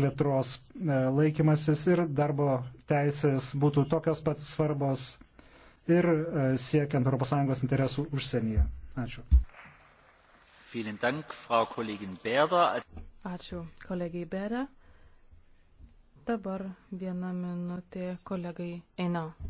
plėtros e, laikymasis ir darbo teisės būtų tokios pat svarbos ir e, siekiant ES interesų užsienyje. Ačiū. Ačiū kolegijai Berė. Dabar viena minutė kolegai Eina.